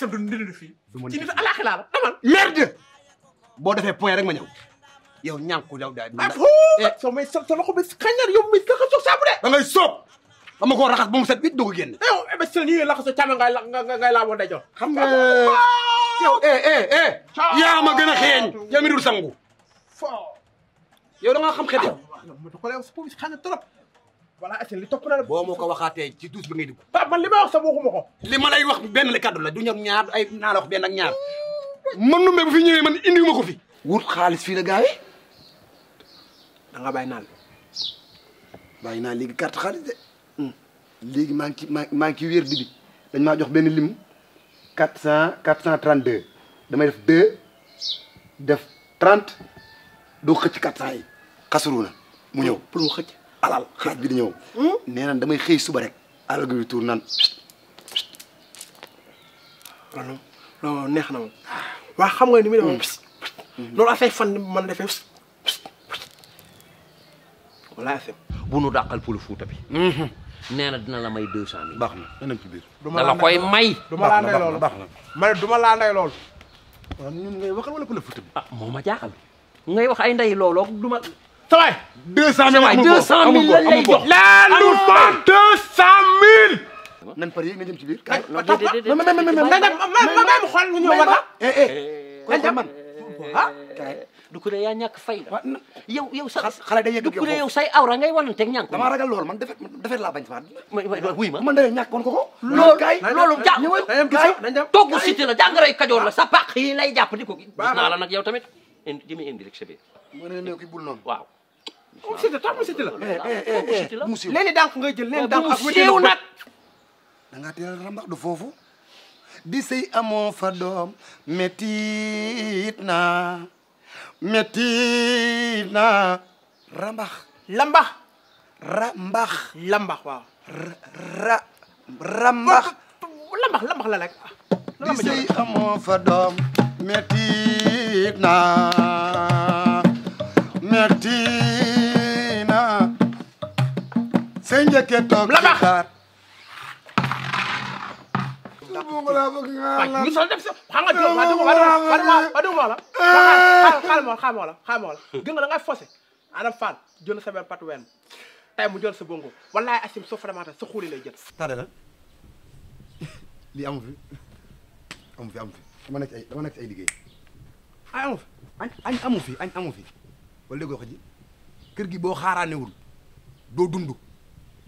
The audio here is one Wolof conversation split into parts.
sa dund dund fii. ci nit alaxira la demal. boo defee point rek ma ñëw. yow ñànku yow daal. ah foofu soo may sa loxo bi xañar yow mi dafa soog saabu de. da ngay soog. dama ko raxas ba mu set bi doog a génn. yow eh ba eh, la sa càmm ngay la ngay laaboo dajoo. xam nga yow eh eh eh. yaa ma gën a xeeñ. yaa mi dul sangu. foo yow da nga xam xet ah, yow. yow mu si foofu si xañar trop. voilà acca li topp boo ma ko waxaatee ci douche bi ngay dugg. Pape man li may wax sa waxuma ko. li ma ay wax benn la kaddu la du ñoom ñaar ay naa la wax benn ak ñaar man numbe bu fi ñëwee man indiwuma ko fi. wut xaalis fii la gars yi da nga bàyyi naan bàyyi naan léegi carte xaalis de hmm. léegi maa ngi maa ngi ci wér di dañ maa jox benn lim quatre cent quatre cent trente deux damay def deux def trente doo xëcc quatre cent yi xasuru na mu ñëw pour xëcc. alal xaaj bi di ñew hmm? neena damay xey suba rek alal guy tour nan lolu lo neex na wa xam nga ni mi demee lolu hmm. loolu affaire fan man defee. wala affaire bu nu dakal pour Fuuta bi. Hmm. neena dina la may deux cent mille. na dana ci bir da la koy may. duma la nday lolu baax na ma duma la nday lolu ñun ngay waxal wala pour Fuuta bi. ah moo ma jaaxal ngay wax ay nday lolu duma salaay deux cent mille amu ko deux cent mille lan lay jox laalu fa deux cent mille nan pare nga jëm ci biir ma topp ma ma ma ma ma ma xool lu ñëw wala eh eh ko man ah du ko ne yaa ñàkk fay la yow yow sa xale day yegg du ko ne yow say awra ngay wanante ak ñànk dama ragal lool man defet defet laa bañ fa wuy ma man day ñàkk woon ko ko loolu loolu ja togg cité la jàngaray kajoor la sa paq yi lay jàpp di gis naa la nag yow tamit jëmi indi rek sa biir ne ne ki bul noonu waaw moom siti tax mu siti la mu siiw leeni dànk ngay oh, siiw nag da ngaa teel du foofu di sëy amoo fa doom métit naa métit naa rambax lambax rambax lambax waaw ra rambax la rek di sëy amoo fa doom métit naa métit mooy njëkkee toog la tax bungu la bëgg nga la ñu sol def sa xam nga dégg ma dégg ma dégg ma la xaal ma xaal ma la xaal ma la gën nga da nga fossé adam fan jël sa bel pat wen tay mu jël sa bongo wallahi asim so vraiment sa xuli lay jël tare la li amu fi amu fi amu fi dama nekk ay dama nekk ay liggéey ay amu fi añ amu fi añ amu fi wala déggoo wax ji kër gi boo xaaraanewul doo dund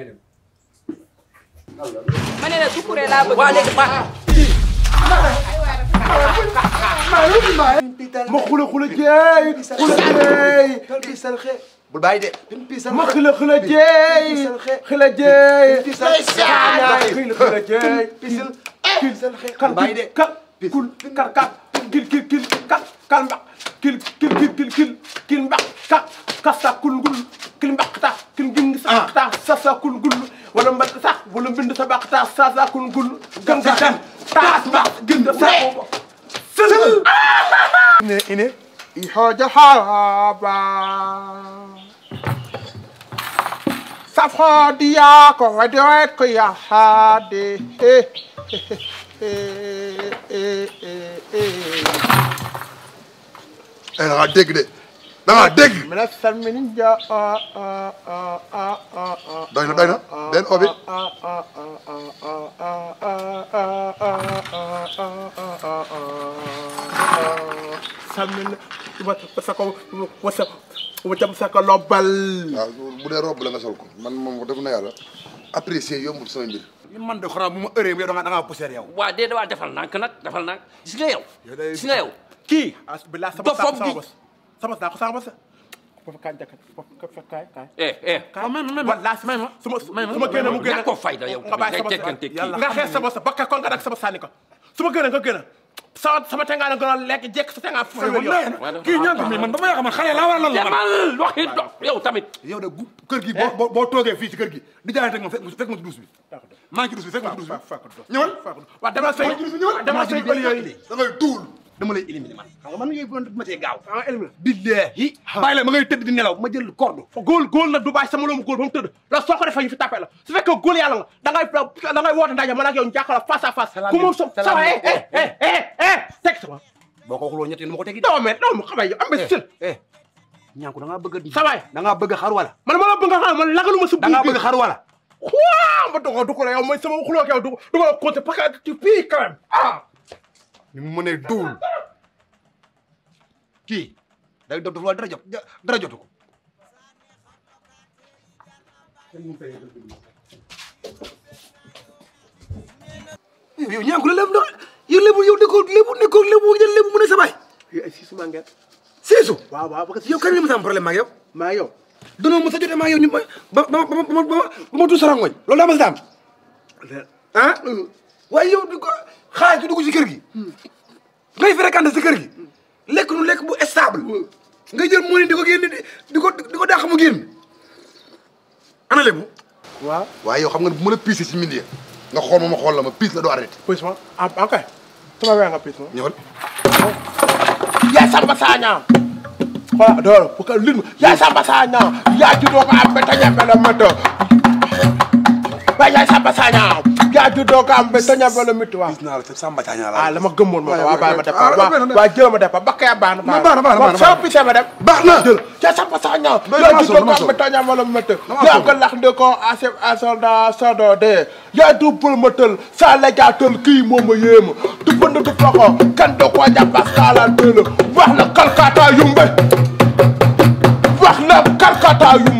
damay dem. ma ne la Doucouré laa ma xula xula jeey. ma xila xila jeey. xila jeey. xila jeey. kan bàyyi de. kar kar kil kil kil kal kal mbax kil kil kil kil kil mbax ka kasta kul ngul آه. كل مقطع كل جنس مقطع ساسا كل قل ولا مقطع ولا بند مقطع ساسا كل قل كم كم تاس ما جند سل إني إني يحوج حابا صفحة دياك ودوك يا حادي أنا غاديك da ngaa dégg. doy na doy na benn obi. sàmmin wasako wasa wajam sako lobal. waaw bu dee robe la nga sol ko man moom def na yàlla apprécier yombul sama mbir. man de xoolal bu ma ëree yow da ngaa da ngaa pousser yow. waaw déedéet waaw defal naa ko defal naa gis nga yow. gis nga yow kii. dof boobu sama saa ko sama sa ko fa kaay ko fa kaay kaay eh eh man man wallahi may ma suma suma gën mu gën ko fayda yow nga bàyyi sama sa nga xees sama sa bakka kon nga dak sama sànni ko suma gën nga gën sama sama tengaa la gënoon lekk jekk sa tengaa fay wala kii ñaan mi man dama yaakaar man xale laa war la man waxi do yow tamit yow de bu kër gi boo boo toogee fii ci kër gi di jaayante ak ma fekk fekk ma ci bi maa ci duus bi ma ci duus bi ñëwal waaw dama sëy dama sëy bëli da ngay tuul dama lay éliminer man xam nga man ngay bon ma cee gaaw ah éliminer billahi bàyyi la ma ngay tëdd di nelaw ma jël corde fa góol góol la du bàyyi sama loomu góol ba mu tëdd la soo ko defee ñu fi tapé la su fekkee góol yàlla nga da ngay da ngay woote ndaje man ak yow ñu face à face ku moom sama sama eh eh eh eh eh teg sama boo ko waxuloo ñett yi ma ko tegi daw mais daw ma xamay yow am bés sën eh, eh. ñanku da ngaa bëgg a sawaay da ngaa bëgg a xar wala man ma la bëgg a xar man lagaluma sa da ngaa bëgg a xar wala waaw ma doxal du ko la yow mooy sama waxuloo ak yow du ko la compter parce que ah ini mu dulu. kii day daf la dara jot yow ñaan ko la lébu yow lébu yow nekkoo lébu nekkoo lébu jël mu ne sa siisu yow kañ la mos a am problème maa yow maa yow a jotee maa yow ma ba ba ba ba ma tuut sarangoñ loolu daa mos a am ah, ah waaye yow xaalis ko dugg ci kër gi hmm. ngay fréquenté si kër gi hmm. lek nu lek bu stable nga jël moni diko di diko diko di ko di mu génn ana lebu wa wa yow xam nga bu ma pisse ci mindi nga xol ma xol la ma pisse la do arrêté. pisse ma ak ah, ay sama wé nga piis ma. ñëwal. yaa samba saa ñaa. voilà doo pour que lin sa ba saña ya ci do ko am ba te ñebe la mënta ba ya sa ba saña jaaju doo ko am ba toña ba la mitu waaw ah la ma gëmoon ma waa bàyyi ma def waa jël ma def ba kay baax na baax na baax na soo pissé ma dem baax na jël ca sama sa ñaaw jaaju doo ko am ba toña ba la mitu yaa ko lax de ko asef asonda sodo de yaa du pul sa la jaa tël kii moo du bënd du toxo kan doo ko jàppas xaalaan bëla wax la kalkata yumbe wax la kalkata yumbe